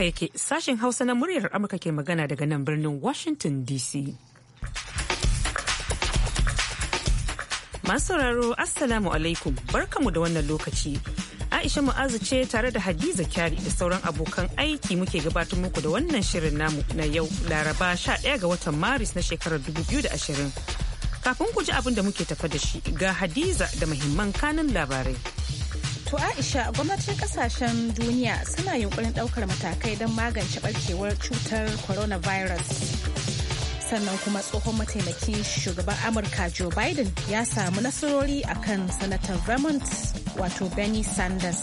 haka yake sashen hausa na muryar amurka ke magana daga nan birnin washington dc masu sauraro assalamu alaikum barkamu da wannan lokaci aisha mu'azu ce tare da hadiza kyari da sauran abokan aiki muke gabatar muku da wannan shirin namu na yau laraba 11 ga watan maris na shekarar 2020 kafin ku ji abin da muke tafa da shi ga hadiza da muhimman kanun labarai To Aisha gwamnatin kasashen duniya suna yunkurin daukar matakai don magance barkewar cutar coronavirus. Sannan kuma tsohon mataimakin shugaban Amurka Joe Biden ya samu nasarori akan sanatar Vermont wato Bernie Sanders.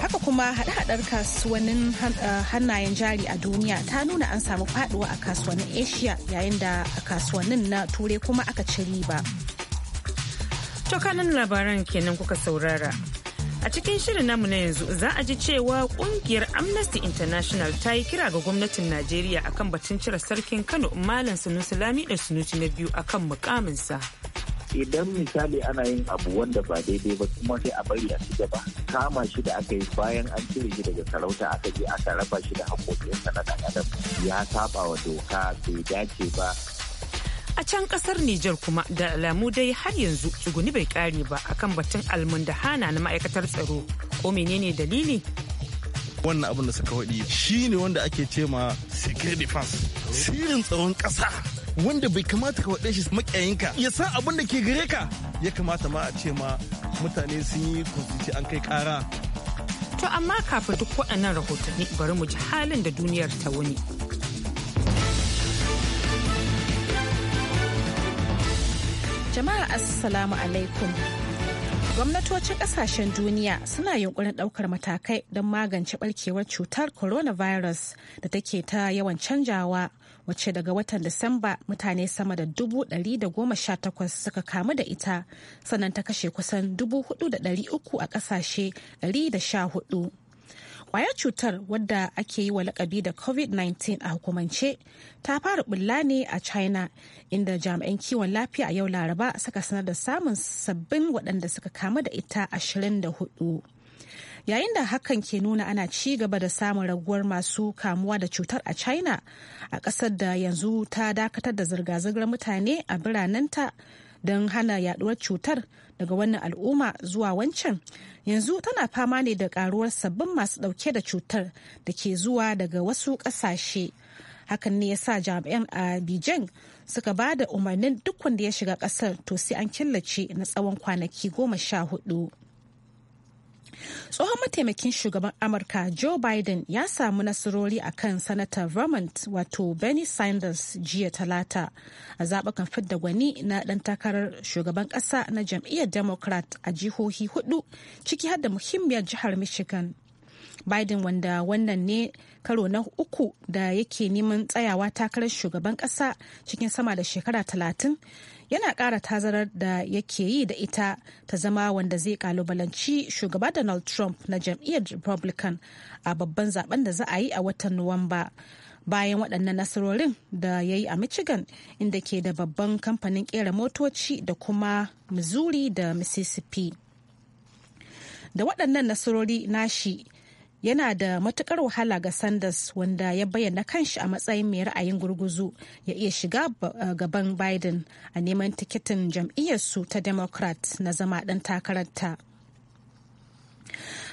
Haka kuma haɗe-haɗar kasuwannin eh, hannayen jari a duniya ta nuna an samu faɗuwa a kasuwannin Asia yayin da a kasuwannin na Turai kuma aka ci riba. To kanan labaran kenan kuka saurara. A cikin shirin namu na yanzu za a ji cewa kungiyar Amnesty International ta yi kira ga gwamnatin Najeriya akan batun cire sarkin Kano Malam Sanusi Lami da sunuti na biyu akan mukaminsa. Idan misali ana yin abu wanda ba daidai ba kuma sai a bari a ci ba kama shi da aka yi bayan an cire shi daga sarauta aka je aka raba shi da haƙoƙinsa na adam ya saba wa doka bai dace ba a can kasar Nijar kuma da alamu dai har yanzu tsuguni bai kare ba akan batun almundahana na ma'aikatar tsaro ko menene dalili wannan abin da suka shi shine wanda ake ce ma secret defense sirrin tsaron ƙasa wanda bai kamata ka faɗe shi makiyayinka ya san abin da ke gare ka ya kamata ma a ce ma mutane sun yi kwanciti an kai ƙara to amma kafin duk waɗannan rahotanni bari mu ji halin da duniyar ta wuni. Jama'a Assalamu alaikum. Gwamnatocin kasashen duniya suna yunkurin ɗaukar matakai don magance ɓarkewar cutar coronavirus da take ta yawan canjawa wacce daga watan Disamba mutane sama da dubu ɗari da goma sha takwas suka kamu da ita sannan ta kashe kusan dubu da uku a ƙasashe ɗari da sha huɗu. kwayar cutar wadda ake yi wa lakabi da covid-19 a hukumance ta fara bulla ne a china inda jami'an kiwon lafiya a yau laraba suka sanar da samun sabbin waɗanda suka kamu da ita 24 yayin da hakan ke nuna ana ci gaba da samun raguwar masu kamuwa da cutar a china a ƙasar da yanzu ta dakatar da zirga-zirgar mutane a biranenta don hana yaduwar cutar daga wannan al'umma zuwa wancan yanzu tana fama ne da karuwar sabbin masu dauke da cutar da ke zuwa daga wasu kasashe hakan ne ya sa jami'an a beijing suka ba da umarnin duk wanda ya shiga kasar to sai an killace na tsawon kwanaki goma sha hudu. tsohon mataimakin shugaban amurka joe biden ya samu nasarori a kan sanata vermont wato bernie sanders jiya talata a zaɓukan fidda gwani na ɗan takarar shugaban ƙasa na jam'iyyar democrat a jihohi hudu ciki har da muhimmiyar jihar michigan biden wanda wannan ne karo na uku da yake neman tsayawa takarar shugaban ƙasa cikin sama da shekara talatin yana ƙara tazarar da yake yi da ita ta zama wanda zai kalubalanci shugaba donald trump na jam'iyyar republican a babban zaben da za a yi a watan nuwamba bayan waɗannan nasarorin da ya yi a michigan inda ke da babban kamfanin ƙera motoci da kuma missouri da mississippi da waɗannan nasarori nashi yana da matukar wahala ga sanders wanda ya bayyana kanshi a matsayin mai ra'ayin gurguzu ya iya shiga eh, gaban biden a neman tikitin jam'iyyarsu ta democrat na zama ɗan takararta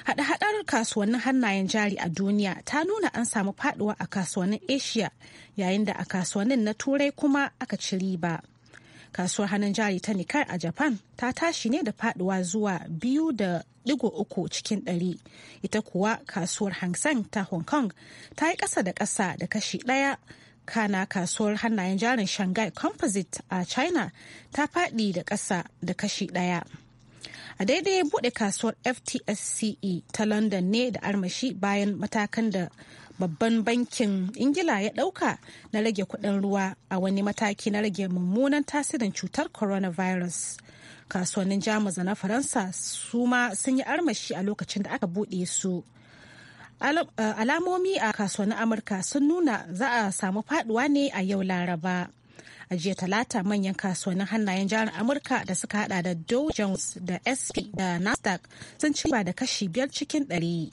Hada-hadar kasuwannin hannayen jari a duniya ta nuna an samu faduwa a kasuwannin Asia yayin da a kasuwannin na Turai kuma aka ci riba. kasuwar hannun jari ta nikar a japan ta tashi ne da faduwa zuwa biyu da digo uku cikin ɗari ita kuwa kasuwar hang ta hong kong ta yi ƙasa da ƙasa da kashi ɗaya kana kasuwar hannayen jarin shanghai composite a china ta faɗi da ƙasa da kashi ɗaya a daidai buɗe kasuwar ftsce ta london ne da armashi bayan matakan da babban bankin ingila ya ɗauka na rage kuɗin ruwa a wani mataki na rage mummunan tasirin cutar coronavirus kasuwannin jamus na faransa su ma sun yi armashi a lokacin da aka bude su eh, alamomi a kasuwannin amurka sun nuna za a samu faduwa ne a yau laraba a jiya talata manyan kasuwannin hannayen jihar amurka da suka hada da dow jones da sp da nasdaq sun ci da kashi biyar cikin ɗari.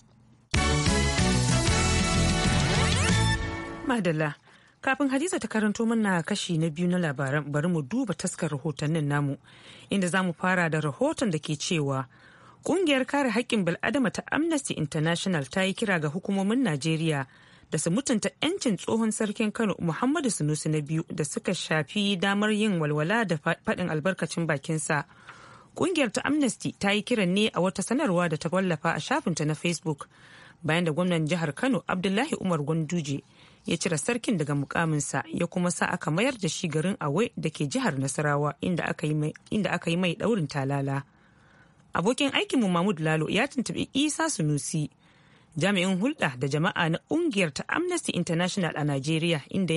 Madalla, kafin Hadiza ta karanto mana kashi na biyu na labaran bari mu duba taskar rahotannin namu, inda za mu fara da rahoton da ke cewa Kungiyar kare haƙƙin bil'adama ta Amnesty International ta yi kira ga hukumomin Najeriya da su mutunta 'yancin tsohon sarkin Kano Muhammadu Sunusi na biyu da suka shafi damar yin walwala da faɗin albarkacin bakinsa. Kungiyar ta Amnesty ta yi kiran ne a wata sanarwa da ta wallafa a shafinta na Facebook bayan da gwamnan jihar kano abdullahi umar gunduje ya cire sarkin daga mukaminsa ya kuma sa aka mayar da shi garin awe da ke jihar nasarawa inda aka yi mai daurin talala abokin aikinmu mahmud lalo ya tuntubi isa sunusi jami'in hulɗa da jama'a na ƙungiyar ta amnesty international a nigeria inda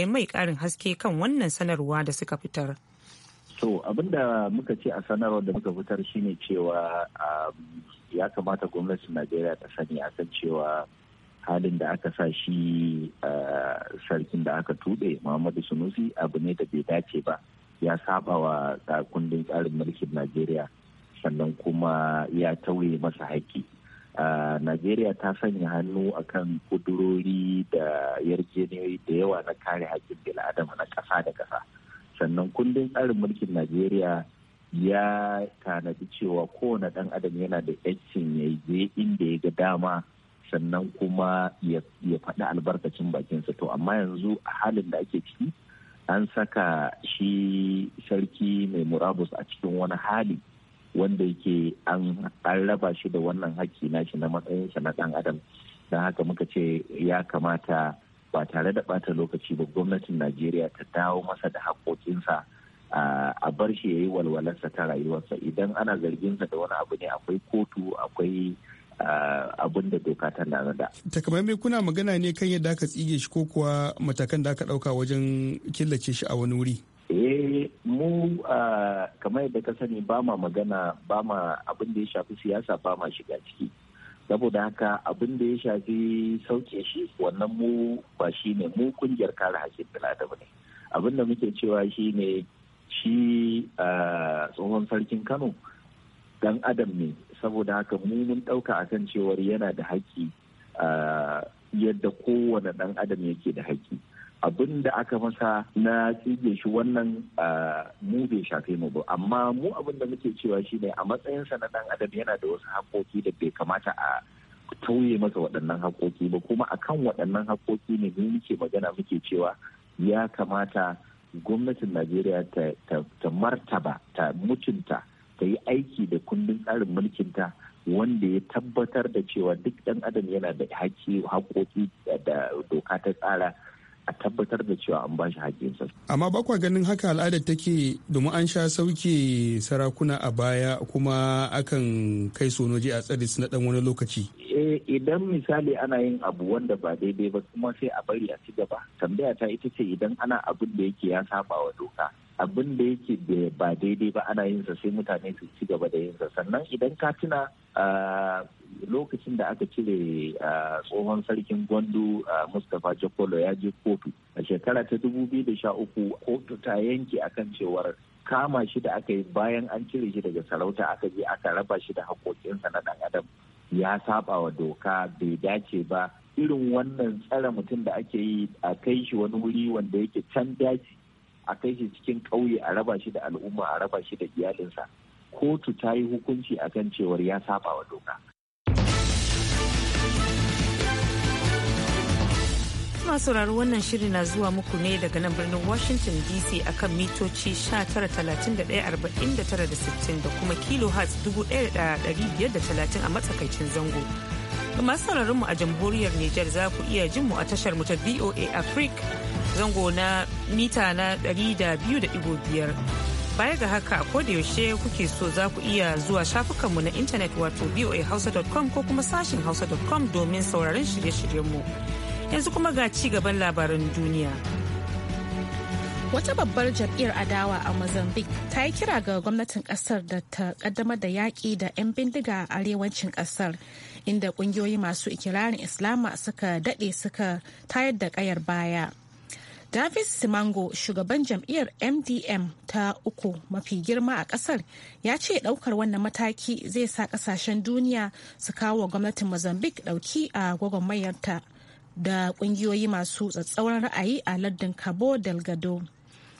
ya mai ƙarin haske kan wannan sanarwa da suka fitar to abinda muka ce a sanarwar da muka fitar shine cewa um, ya kamata gwamnatin najeriya ta sani a kan cewa halin da aka sa shi sarkin da aka tuɗe muhammadu sunusi abu ne da bai dace ba ya saba wa kundin tsarin mulkin najeriya sannan kuma ya tauye masa haƙƙi najeriya ta sanya hannu a kan kudurori da yarjejeniyoyi da yawa na kare haƙƙin bil'adama na ƙasa da ƙasa sannan kundin tsarin mulkin najeriya ya tanadi cewa kowane ɗan adam yana da yancin ya je inda ya ga dama sannan kuma ya faɗi albarkacin bakinsa to amma yanzu a halin da ake ciki an saka shi sarki mai murabus a cikin wani hali wanda yake an raba shi da wannan haƙƙi shi na matsayinsa na ɗan adam don haka muka ce ya kamata ba tare da ɓata lokaci ba gwamnatin najeriya ta dawo masa da haƙoƙinsa a bar shi ya yi walwalarsa ta rayuwarsa idan ana zarginsa da wani abu ne akwai kotu akwai abin da doka ta da. takamaimai kuna magana ne kan yadda aka tsige shi ko kuwa matakan da aka dauka wajen killace shi a wani wuri eh mu kamar yadda ka sani ba ma magana ba ma abin da ya shafi siyasa ba ma shiga ciki saboda haka abin da ya shafi sauke shi wannan mu ba shi ne mu kungiyar kare haƙƙin bil'adama ne abin da muke cewa shi ne shi ah, tsohon sarkin kano dan adam ne saboda haka mu mun ɗauka kan cewar yana da haƙƙi ah, yadda kowane ɗan adam yake da haƙƙi abin da aka masa na tsige shi wannan ah, mu bai shafe mu ba amma mu abin da muke cewa shi ne a matsayinsa na ɗan adam yana da wasu haƙoƙi da bai kamata a tauye masa waɗannan haƙoƙi ba kuma akan waɗannan haƙoƙi ne mu muke magana muke cewa ya kamata gwamnatin najeriya ta martaba ta mutunta ta yi aiki da kundin tsarin mulkinta wanda ya tabbatar da cewa duk ɗan adam yana da haƙƙi haƙoƙi da doka ta tsara a tabbatar da cewa an bashi haƙƙinsa. Amma ba ganin haka al'adar take domin an sha sauke sarakuna a baya kuma akan kai sonoji a tsari na ɗan wani lokaci. eh idan misali ana yin abu wanda ba daidai ba kuma sai a bari a ci gaba tambaya ta ita ce idan ana abin da yake ya saba wa doka abin da yake ba daidai ba ana yin sa sai mutane su ci gaba da yin sa sannan idan ka tuna lokacin da aka cire tsohon sarkin gwandu mustapha jakolo ya je kotu a shekara ta dubu biyu da 2013 kotu ta yanke akan cewar kama shi da aka yi bayan an cire shi daga sarauta aka je aka raba shi da haƙoƙinsa na dan adam ya saba wa doka bai dace ba irin wannan tsara mutum da ake yi a kai shi wani wuri wanda yake can daji a kai shi cikin ƙauye a raba shi da al'umma a raba shi da iyalinsa kotu ta yi hukunci akan cewar ya saba wa doka masu sauraro wannan shiri na zuwa muku ne daga nan birnin Washington DC akan mitoci 19,31,49,60 da kuma kilohertz 1,530 a matsakaicin zango. Masu sauraronmu a jamhuriyar Nijar za ku iya jin mu a tashar mu ta VOA Africa zango na mita na 200.5. Baya ga haka ko da yaushe kuke so za ku iya zuwa shafukanmu na intanet wato voahausa.com ko kuma sashin hausa.com domin sauraron shirye-shiryenmu. mu. yanzu kuma ga ci gaban labaran duniya. Wata babbar jam'iyyar adawa a Mozambique ta yi kira ga gwamnatin kasar da ta kaddamar da yaƙi da 'yan bindiga a arewacin kasar inda ƙungiyoyi masu ikirarin Islama suka daɗe suka tayar da ƙayar baya. Davis Simango, shugaban jam'iyyar MDM ta uku mafi girma a kasar, ya ce ɗaukar wannan mataki zai sa ƙasashen duniya su kawo gwamnatin Mozambique ɗauki a gwagwarmayarta. da kungiyoyi masu tsatsauran ra'ayi a lardin cabo delgado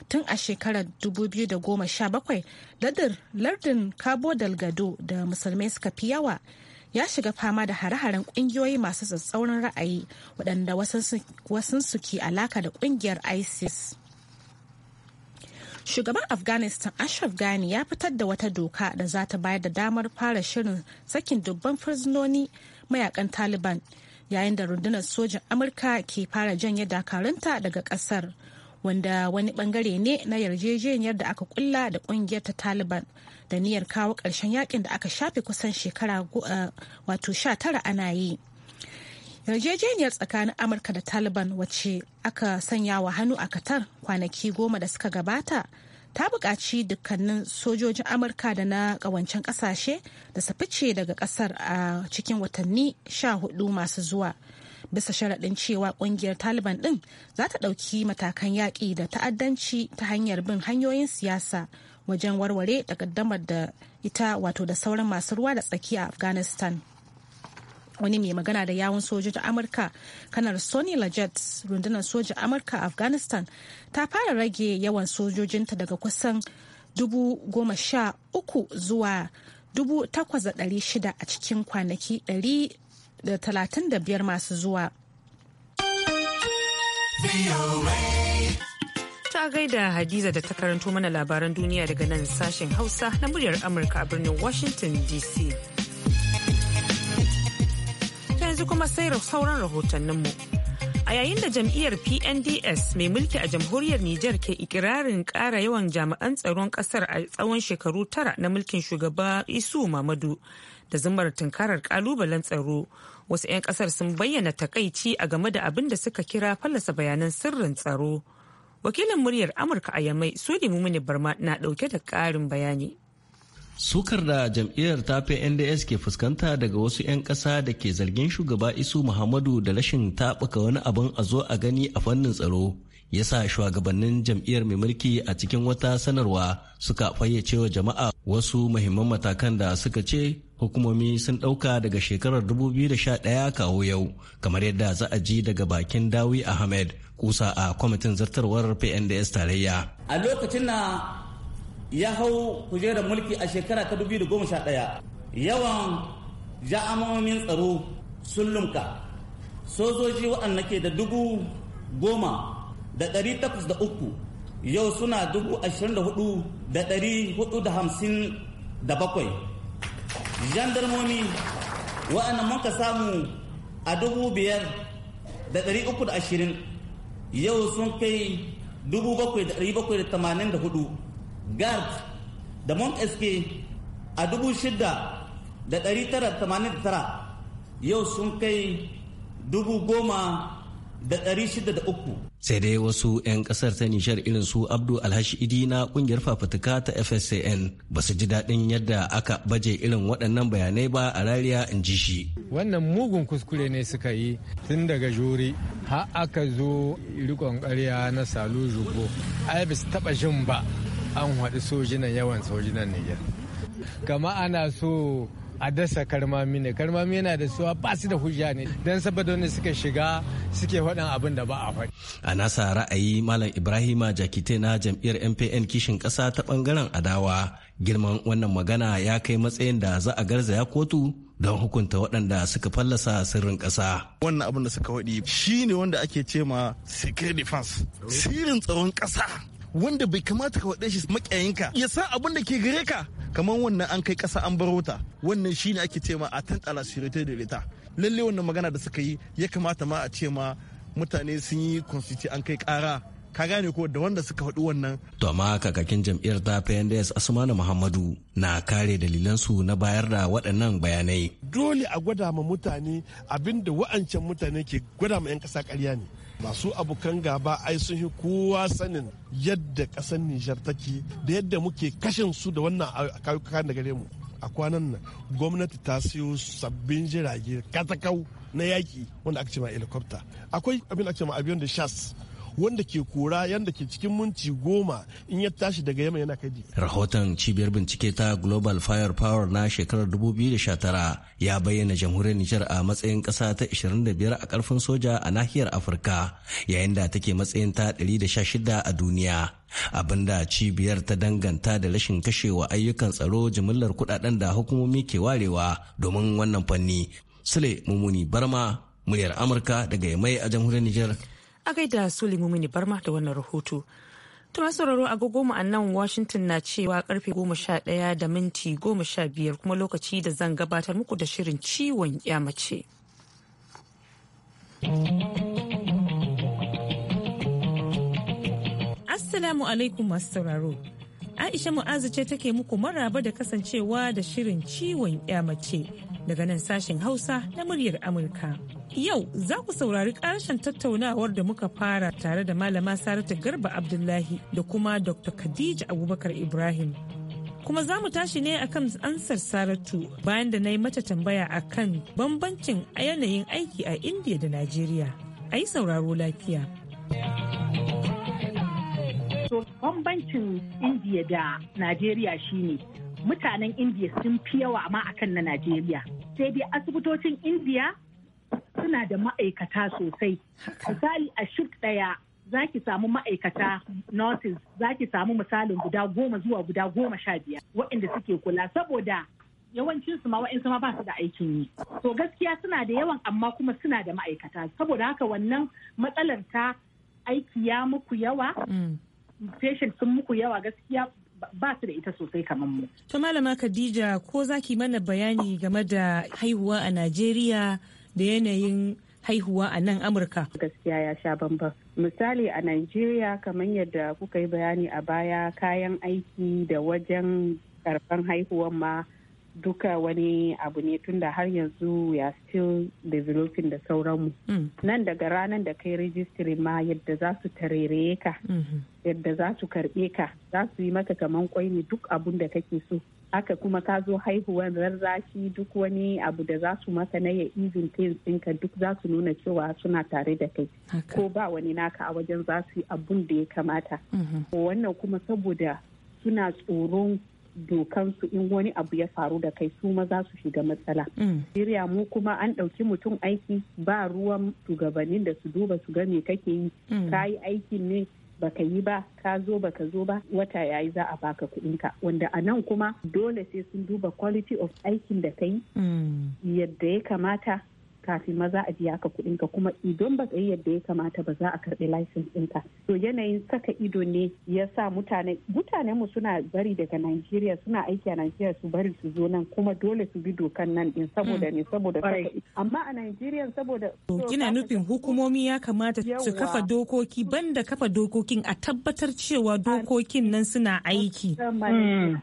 tun a shekarar 2017 lardin cabo delgado da musulmai suka fi yawa ya shiga fama da hare-haren kungiyoyi masu tsatsauran ra'ayi waɗanda wasansu ke alaka da kungiyar isis shugaban afghanistan ashraf ghani ya fitar da wata doka da za ta bayar da damar fara shirin sakin dubban fursunoni mayakan taliban yayin da rundunar sojin amurka ke fara janye dakarunta daga kasar wanda wani bangare ne na yarjejeniyar da aka kulla da kungiyar ta taliban da niyyar kawo ƙarshen yakin da aka shafe kusan shekara eh, wato sha tara ana yi yarjejeniyar tsakanin amurka da taliban wacce aka sanya wa hannu a katar kwanaki goma da suka gabata ta buƙaci dukkanin sojojin amurka da na ƙawancen ƙasashe da su fice daga ƙasar a cikin watanni sha hudu masu zuwa bisa sharaɗin cewa ƙungiyar taliban ɗin za ta ɗauki matakan yaƙi da ta'addanci ta hanyar bin hanyoyin siyasa wajen warware da ita wato da sauran masu ruwa da tsaki a afghanistan wani mai magana da yawun sojojin amurka kanar sony lajet rundunar sojin amurka afghanistan ta fara rage yawan sojojinta daga kusan dubu goma sha uku zuwa dubu da ɗari a cikin kwanaki ɗari biyar masu zuwa ta gaida hadiza da ta karanto mana labaran duniya daga nan sashen hausa na muryar amurka a birnin washington dc yanzu kuma sai sauran rahotanninmu. A yayin da jam'iyyar PNDS mai mulki a jamhuriyar Nijar ke ikirarin ƙara yawan jami'an tsaron ƙasar a tsawon shekaru tara na mulkin shugaba Isu Mamadu da zumar tunkarar ƙalubalen tsaro. Wasu 'yan ƙasar sun bayyana takaici a game da abin da suka kira fallasa bayanan sirrin tsaro. Wakilin muryar Amurka a Yamai Sudi Mumini Barma na ɗauke da ƙarin bayani. Sukar da jam'iyyar ta nds ke fuskanta daga wasu 'yan ƙasa da ke zargin shugaba Isu Muhammadu da rashin taɓuka wani abin a zo a gani a fannin tsaro. ya sa shugabannin jam'iyyar mai mulki a cikin wata sanarwa suka fayyace wa jama'a wasu muhimman matakan da suka ce hukumomi sun ɗauka daga shekarar 2011 kawo yau kamar yadda za a ji daga bakin dawi ahmed kusa a kwamitin zartarwar pnds tarayya a lokacin na ya hau kujerar mulki a shekara ta 2011 yawan ja'amomin tsaro sun lumka sojoji waɗanda ke da dubu goma da ɗari takwas da uku yau suna dubu ashirin da hudu da ɗari hudu da hamsin da bakwai jandarmomi waɗanda muka samu a dubu biyar da ɗari uku da ashirin yau sun kai dubu bakwai da ɗari bakwai da tamanin da hudu gard da montesquieu a dubu da tara tamanin tara yau sun kai dubu goma da da uku. sai dai wasu 'yan kasar ta nishar irin su abdu alhashi idi na kungiyar fafutuka ta fscn ba su ji daɗin yadda aka baje irin waɗannan bayanai ba a rariya in ji shi wannan mugun kuskure ne suka yi tun daga juri har aka zo rikon ƙarya na salu a ai ba su taɓa jin ba an haɗu sojinan yawan sojinan Nijar. Kama ana so a dasa karmami ne karmami yana da suwa ba su da hujja ne don saboda wani suka shiga suke faɗin abin da ba a faɗi. a nasa ra'ayi malam ibrahima jakite na jam'iyyar mpn kishin ƙasa ta ɓangaren adawa girman wannan magana ya kai matsayin da za a garzaya kotu don hukunta waɗanda suka fallasa sirrin ƙasa. wannan abin da suka faɗi shi ne wanda ake ce ma secret defense sirrin tsaron ƙasa wanda bai kamata ka faɗe shi makiyayinka ya san abin da ke gare ka kamar wannan an kai ƙasa an baro ta wannan shine ake cewa a tan tsala sécurité da l'état lalle wannan magana da suka yi ya kamata ma a ce ma mutane sun yi constitute an kai ƙara ka gane ko da wanda suka faɗi wannan. To amma kakakin jam'iyyar ta PNDS Asmanu Muhammadu na kare dalilan su na bayar da waɗannan bayanai. Dole a gwada ma mutane abinda wa'ancan mutane ke gwada ma 'yan ƙasa ƙarya ne. masu abokan gaba ai sun yi kowa sanin yadda ƙasar nijar take da yadda muke kashin su da wannan kayukan da gare mu a kwanan nan gwamnati ta siyo sabbin jirage katakau na yaki wanda aka ce ma helicopter akwai abin da ake ma abiyon da shas wanda ke kora yadda ke cikin minti goma in ya tashi daga yamma yana kai rahoton cibiyar bincike ta global fire power na shekarar 2019 ya bayyana jamhuriyar nijar a matsayin kasa ta 25 a karfin soja a nahiyar afirka yayin da take matsayin ta 116 a duniya abin da cibiyar ta danganta da rashin kashewa ayyukan tsaro jimillar kudaden da hukumomi ke warewa domin wannan fanni sule mummuni barma muryar amurka daga yamai a jamhuriyar nijar a gaida Sulimu Mini Barma da wannan rahoto. Tuma sauraro agogo goma a nan Washington na cewa karfe goma sha ɗaya da minti goma sha biyar kuma lokaci da zan gabatar muku da shirin ciwon ƙyamace Assalamu alaikum masu sauraro. Aisha Mu'azu ce take muku maraba da kasancewa da shirin ciwon mace daga nan sashen Hausa na muryar Amurka. Yau za ku saurari ƙarshen tattaunawar da muka fara tare da malama Saratu Garba Abdullahi da kuma Dr. Khadija Abubakar Ibrahim. Kuma za mu tashi ne akan ansar Saratu bayan da na yi mata tambaya akan bambancin yanayin aiki a Indiya da Najeriya. A yi sauraro lafiya. bambancin indiya da najeriya shine mutanen indiya sun fi yawa ma akan na najeriya sai dai asibitocin indiya suna da ma'aikata sosai misali a shift daya za ki samu ma'aikata nurses za ki samu misalin guda goma zuwa guda goma sha biyar waɗanda suke kula saboda yawancin su ma wa'in ma ba su da aikin yi to gaskiya suna da yawan amma kuma suna da ma'aikata saboda haka wannan matsalar ta aiki ya muku yawa mm. patient sun muku yawa gaskiya ba su da ita sosai kamar mu. To malama Khadija ko za ki mana bayani game da haihuwa a Najeriya da yanayin haihuwa a nan Amurka? Gaskiya ya sha bambam. Misali a Najeriya kamar yadda kuka yi bayani a baya kayan aiki da wajen karfan haihuwan ma duka wani abu ne tunda har yanzu ya still developing da sauranmu mm. nan daga ranar da kai registry ma yadda za su tarere ka mm-hmm. yadda za su karbe ka za su yi maka kaman kwai ne duk abun da kake so aka kuma ka zo haihuwan rarrashi duk wani abu da za su maka na ya izin pains ka duk za su nuna cewa suna tare da kai ko ba wani naka a wajen za su yi abun da ya kamata mm-hmm. wannan kuma saboda suna tsoron dokansu in wani abu ya faru da kai su maza su shiga matsala. Siriya mm. mu kuma an ɗauki mutum aiki ba ruwan shugabannin da su duba su ga me kake yi, mm. ka yi aikin ne baka yi ba ka zo baka zo ba wata yayi za a baka kuɗin ka. wanda a nan kuma dole sai sun duba quality of aikin da ka yi mm. yadda ya kamata kafin ma za a biya ka kuɗin ka kuma idan ba yi yadda ya kamata ba za a karɓi license ɗinka to yanayin saka ido ne ya sa mutane mutanen mu suna bari daga Najeriya suna aiki a Najeriya su bari su zo nan kuma dole su bi dokan nan din saboda hmm. ne saboda amma a Najeriya saboda kina nufin hukumomi ya kamata su kafa dokoki banda kafa dokokin a tabbatar cewa dokokin nan suna aiki hmm.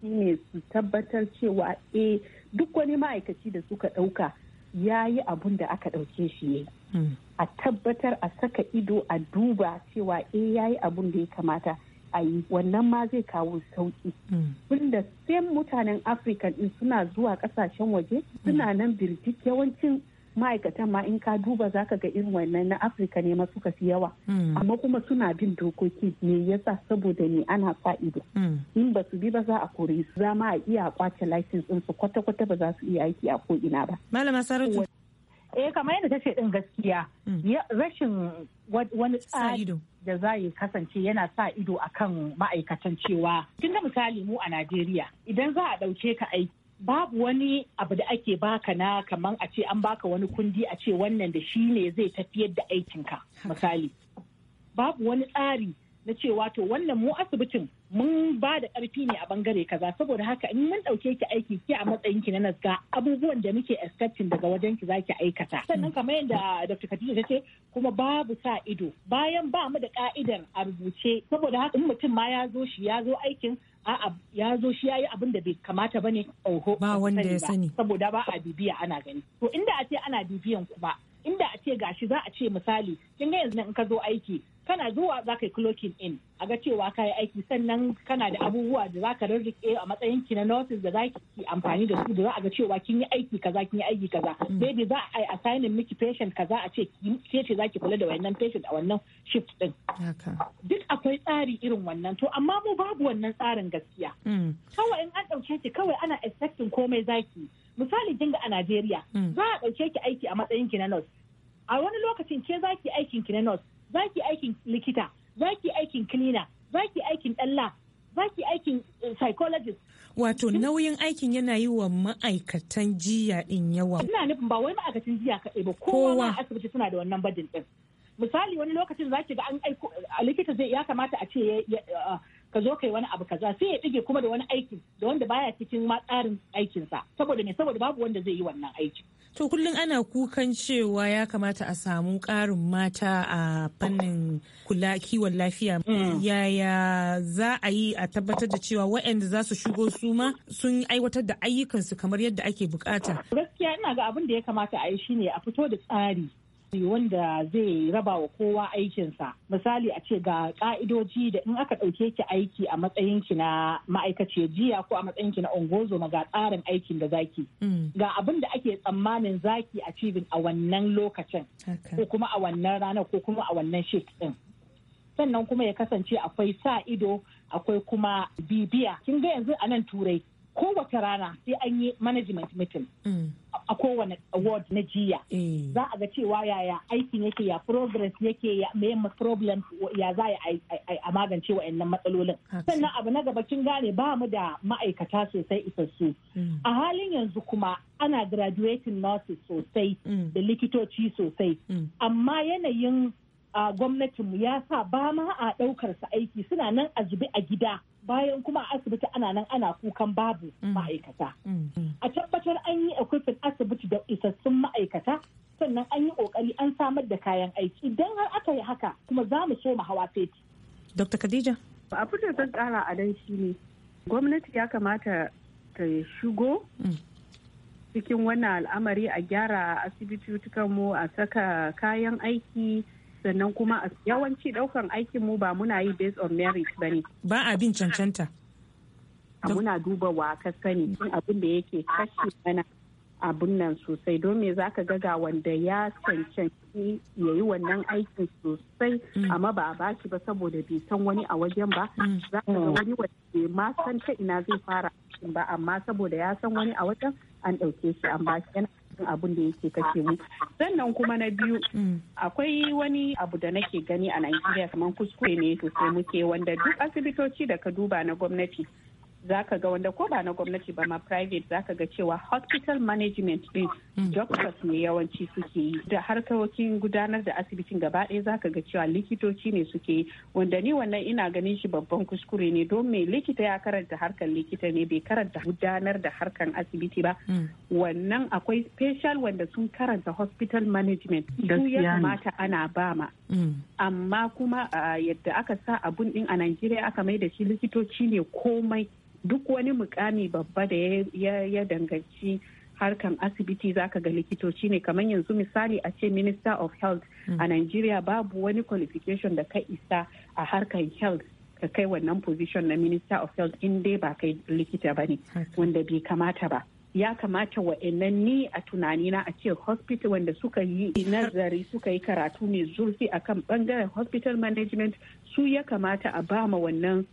shine su tabbatar cewa eh duk wani ma'aikaci da suka ɗauka ya yi abun da aka ɗauke shi ne hmm. a tabbatar a saka ido a duba cewa eh ya yi abun da ya kamata a yi wannan ma zai kawo sauki hmm. da same mutanen afirka din suna zuwa ƙasashen waje hmm. suna nan birjik yawancin ma'aikatan ma in ka duba za ka ga irin wannan na afirka ne masu kasi yawa mm. amma kuma suna bin dokoki me yasa saboda ne ana sa mm. in ba su bi ba za a kore su za ma a iya kwace license din su kwata-kwata ba za su iya aiki a ko'ina ba malama saratu eh kamar yadda ta ce din gaskiya mm. rashin wani tsari da za ya kasance yana sa ido akan ma'aikatan cewa kin ga misali mu a Najeriya idan za a ɗauke ka aiki babu wani abu da ake baka na kamar a ce an baka wani kundi a ce wannan da shi ne zai tafiyar da aikinka misali babu wani tsari na cewa to wannan mu asibitin mun ba da ƙarfi ne a bangare kaza saboda haka in mun ɗauke ki aiki ki a matsayin ki na nasga abubuwan da muke expecting daga wajen ki zaki aikata sannan kamar yadda Dr. Khadija ta ce kuma babu sa ido bayan ba mu da ka'idar a rubuce saboda haka in mutum ma ya zo shi ya zo aikin a'a ya zo shi yayi abin da bai kamata bane oho ba wanda ya sani saboda ba a bibiya ana gani to inda a ce ana bibiyan kuma inda a ce gashi za a ce misali kin ga yanzu in ka zo aiki kana zuwa za ka yi clocking in a ga cewa ka yi aiki sannan idan kana da abubuwa da zaka rarrike a matsayin ki na nurses da zaki ki amfani da su da za a ga cewa kin yi aiki kaza kin yi aiki kaza maybe mm. za a yi miki patient kaza a ce ke ce zaki kula da wannan patient a wannan shift din duk akwai tsari irin wannan to amma mu babu wannan tsarin gaskiya mm. kawai in an ɗauke ki kawai ana expecting komai zaki misali kinga a Najeriya mm. za a ɗauke ki aiki a matsayin ki na nurse a wani lokacin ke zaki aikin ki na nurse zaki aikin likita zaki aikin cleaner za ki aikin ɗalla za ki aikin eh, psychologist wato nauyin aikin yana yi wa ma'aikatan jiya din yawa ina nufin ba wai ma'aikatan jiya kaɗai ba kowa asibiti suna da wannan badin din misali wani lokacin za ki ga an aiko likita zai ya kamata a ce eh, ka zo kai wani abu kaza sai ya ɗige kuma da wani aiki da wanda baya cikin ma tsarin aikinsa saboda ne saboda babu wanda zai yi wannan aiki. To kullum ana kukan cewa ya kamata a samu karin mata a fannin kula kiwon lafiya. Mm. Yaya za a yi a tabbatar da cewa waɗanda za su shigo su ma sun aiwatar da ayyukansu kamar yadda ake bukata. Gaskiya ina ga abin da ya kamata a yi shine a fito da tsari wanda zai raba wa kowa aikinsa misali a ce ga ka'idoji da in aka ɗauke ki aiki a matsayin ki na ma'aikaciyar jiya ko a matsayinki na ungozo ga tsarin aikin da zaki mm. ga abin da ake tsammanin zaki a cibin a wannan lokacin ko kuma a wannan ranar ko kuma a wannan shift din sannan kuma ya kasance akwai sa ido akwai kuma bibiya kin ga yanzu a nan turai kowace rana sai an yi management meeting mm. a kowane award na jiya eh. za a ga cewa yaya aikin yake ya progress yake ya mayan problem ya za a magance wa'annan matsalolin sannan abu na gaba kin gane ba mu da ma'aikata sosai isassu mm. a halin yanzu kuma ana graduating nurses sosai mm. da likitoci sosai amma yanayin a gwamnatinmu ya sa ba ma a ɗaukar su aiki suna nan a zube a gida bayan kuma a asibiti ana nan ana kukan babu mm. ma'aikata. Mm. A tabbatar an yi equipment asibiti da isassun ma'aikata sannan an yi ƙoƙari an samar da kayan aiki idan har aka yi haka kuma za mu so mu hawa feti. Dr. Khadija. Abin da zan kara a dan shi ne gwamnati ya kamata ta shigo mm. cikin wannan al'amari a gyara asibitotukan mu a saka kayan aiki. sannan kuma yawanci daukan aikin mu ba muna yi based on merit ba ne ba abin cancanta muna duba wa ka sani abin da yake kashe mana abun nan sosai don me za ka ga wanda ya cancanci ya yi wannan aikin sosai mm. amma ba a bashi ba saboda bai san wani a wajen ba mm. za ka ga wani wanda ma san ta ina zai fara ba amma saboda ya san wani a wajen an ɗauke shi an bashi yana cikin abin da yake kashe mu sannan kuma na biyu mm. akwai wani abu da nake gani a Najeriya kamar kuskure ne sosai muke wanda duk asibitoci da ka duba na gwamnati za ka ga wanda ko ba na gwamnati ba ma private za ka ga cewa hospital management din mm. doctors ne yawanci suke yi da harkokin gudanar da asibitin gaba ɗaya ka ga cewa likitoci ne suke yi wanda ni wannan ina ganin shi babban kuskure ne don me likita ya karanta harkar likita ne bai karanta gudanar da harkar asibiti ba mm. wannan akwai special wanda sun karanta hospital management su ya kamata ana ba ma. Mm. amma kuma yadda aka sa abun din a Najeriya aka mai da shi likitoci ne komai duk wani mukami babba da ya danganci harkan asibiti zaka ga likitoci ne kamar yanzu misali a ce minister of health hmm. a nigeria babu wani qualification da ka isa a harkan health ka kai wannan position na minister of health in dai ba kai likita ba ne wanda bai kamata ba ya kamata wa'annan ni a tunanina a ce hospital wanda suka yi nazari suka yi karatu mai zurfi akan bangaren hospital management su ya kamata a bama wannan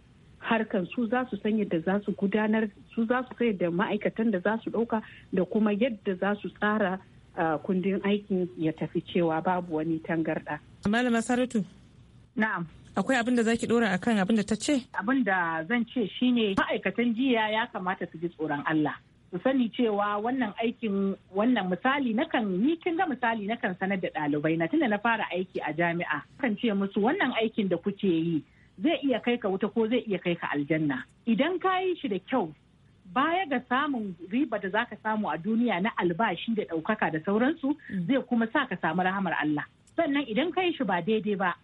harkan su za su san yadda za su gudanar su za su san yadda ma'aikatan da za su ɗauka da kuma yadda za su tsara kundin aikin ya tafi cewa babu wani tangarɗa. Malama Saratu. Na'am. Akwai abin da zaki dora akan abin da ta ce? Abin da zan ce shine ma'aikatan jiya ya kamata su ji tsoron Allah. Su sani cewa wannan aikin wannan misali nakan ni kin ga misali nakan sanar da ɗalibai na tunda na fara aiki a jami'a. Kan ce musu wannan aikin da kuke yi zai iya kai ka wuta ko zai iya kai ka aljanna idan ka yi shi da kyau baya ga samun riba da zaka samu a duniya na albashi da ɗaukaka da sauransu mm. zai kuma sa ka samu rahamar Allah sannan idan ka yi shi ba daidai ba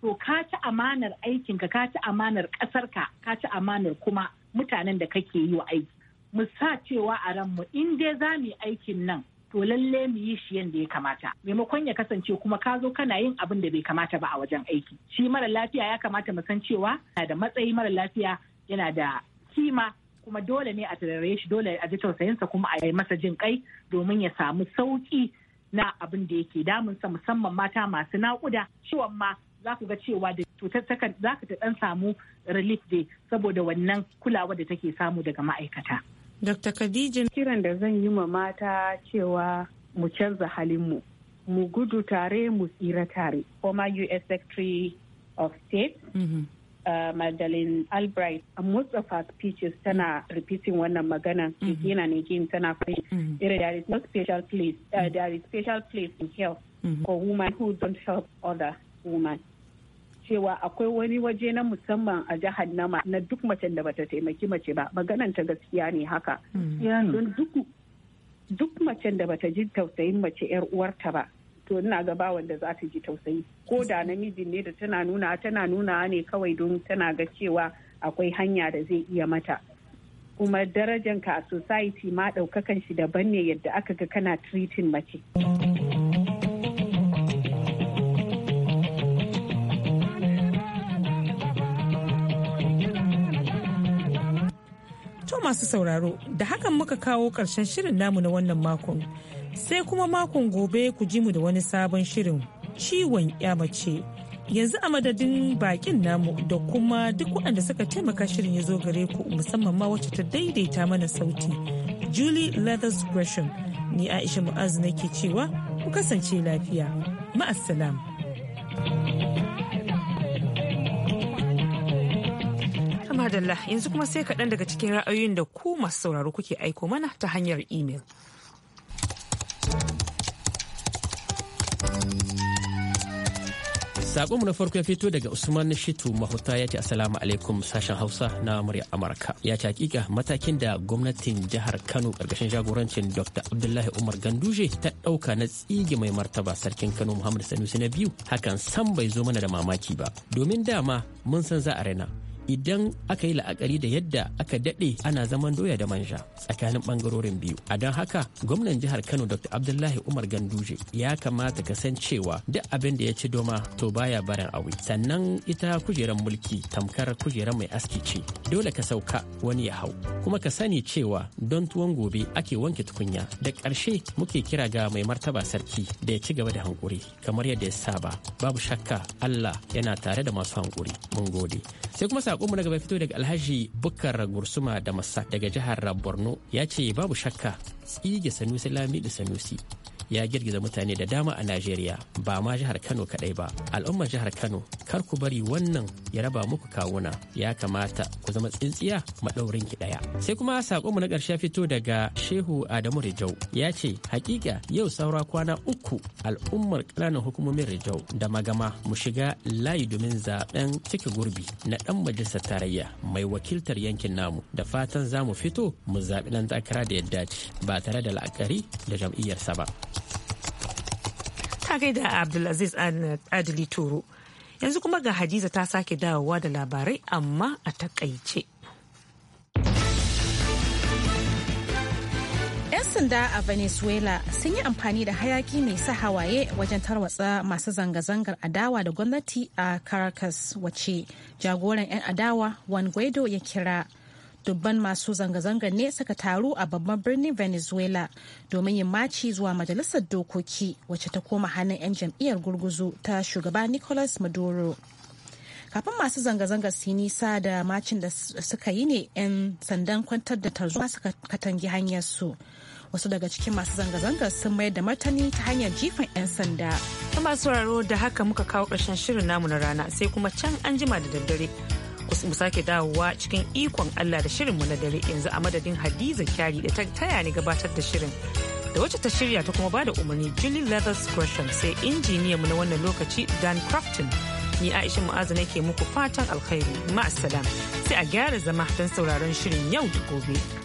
to ka ci amanar aikinka ka ci amanar ƙasarka ka ci amanar kuma mutanen da kake yi wa aiki mu sa cewa a ranmu in dai za mu yi aikin nan to lalle mu yi shi yadda ya kamata maimakon ya kasance kuma ka zo kana yin abin da bai kamata ba a wajen aiki shi mara lafiya ya kamata mu san cewa yana da matsayi mara lafiya yana da kima kuma dole ne a tarare shi dole a ji tausayinsa kuma a yi masa jin kai domin ya samu sauki na abin da yake damunsa musamman mata masu naƙuda ciwon ma za ku ga cewa da cutar za ta dan samu relief dai saboda wannan kulawa da take samu daga ma'aikata. Dr. Khadija. Kiran da zan yi ma mata cewa mu canza halinmu, mu gudu tare mu tsira tare. Former U.S. Secretary of State mm -hmm. uh, Madeleine Albright a Mustapha speeches tana repeating wannan maganan again and again tana faɗi. Mm-hmm. There is no special place, uh, there is special place in hell. mm -hmm. for women who don't help other women. cewa akwai wani waje na musamman a jihar nama na duk macen da bata taimaki mace ba maganan ta gaskiya ne haka hmm. don duk duk macen da bata ji tausayin mace yar uwarta ba to ina ga ba wanda za ta ji tausayi ko da namijin ne da tana nuna tana nuna ne kawai don tana ga cewa akwai hanya da zai iya mata kuma darajanka a society ma ɗaukakan shi daban ne yadda aka ga kana treating mace. masu sauraro da hakan muka kawo ƙarshen shirin namu na wannan makon sai kuma makon gobe ku ji mu da wani sabon shirin ciwon mace yanzu a madadin bakin namu da kuma duk waɗanda suka taimaka shirin ya zo gare ku musamman ma wacce ta daidaita mana sauti julie leathers gresham ni aisha mu'azu nake cewa ku kasance lafiya ma'assalam. madalla yanzu kuma sai kaɗan daga cikin ra'ayoyin da ku masu sauraro kuke aiko mana ta hanyar imel. Sakonmu na farko ya fito daga Usman Shitu Mahuta ya ce Assalamu alaikum sashen Hausa na murya Amurka. Ya ce hakika matakin da gwamnatin jihar Kano ƙarƙashin jagorancin Dr. Abdullahi Umar Ganduje ta ɗauka na tsige mai martaba sarkin Kano Muhammad Sanusi na biyu hakan san bai zo mana da mamaki ba. Domin dama mun san za a raina. idan aka yi la'akari da yadda aka daɗe ana zaman doya da manja tsakanin ɓangarorin biyu a don haka gwamnan jihar kano dr abdullahi umar ganduje ya kamata ka san cewa duk abin da ya ci doma to baya barin awi sannan ita kujerar mulki tamkar kujerar mai aski ce dole ka sauka wani ya hau kuma ka sani cewa don tuwon gobe ake wanke tukunya da ƙarshe muke kira ga mai martaba sarki da ya ci gaba da hankuri kamar yadda ya saba babu shakka allah yana tare da masu hankuri mun gode sai kuma sakonmu na gaba fito daga Alhaji Bukar Gursuma da masa daga jihar Borno ya ce babu shakka tsige Sanusi da Sanusi ya girgiza mutane da dama a najeriya ba ma jihar kano kaɗai ba al'ummar jihar kano kar ku bari wannan ya raba muku kawuna ya kamata ku zama tsintsiya maɗaurin ki ɗaya sai kuma saƙonmu na ƙarshe fito daga shehu adamu rijau ya ce hakika yau saura kwana uku al'ummar ƙananan hukumomin rijau da magama mu shiga layi domin zaben cike gurbi na ɗan majalisar tarayya mai wakiltar yankin namu da fatan za mu fito mu zaɓi ɗan takara da yadda ba tare da la'akari da jam'iyyar sa ba. a gaida Abdulaziz Adili Toro. Yanzu kuma ga Hadiza ta sake dawowa da labarai amma a takaice. 'Yan sanda a Venezuela sun yi amfani da hayaki mai sa hawaye wajen tarwatsa masu zanga-zangar adawa da gwamnati a Caracas wace jagoran 'yan adawa Juan Guaido ya kira dubban masu zanga-zangar ne suka taru a babban birnin venezuela domin yin maci zuwa majalisar dokoki wacce ta koma hannun 'yan jam'iyyar gurguzu ta shugaba nicolas maduro kafin masu zanga-zangar su nisa da macin da suka yi ne 'yan sandan kwantar da tarzoma suka katangi hanyar su wasu daga cikin masu zanga-zangar sun mayar da martani ta hanyar jifan 'yan sanda. masu sauraro da haka muka kawo ƙarshen shirin namu na rana sai kuma can an jima da daddare mu sake dawowa cikin ikon Allah da shirin mu na dare yanzu a madadin Hadiza Kyari da ta taya ni gabatar da shirin. Da wacce ta shirya ta kuma bada umarni Julie Leathers Gresham sai injiniya mu na wannan lokaci Dan Crafton. Ni Aisha Mu'azu nake muku fatan alkhairi. Ma'assalam. Sai a gyara zama don sauraron shirin yau da gobe.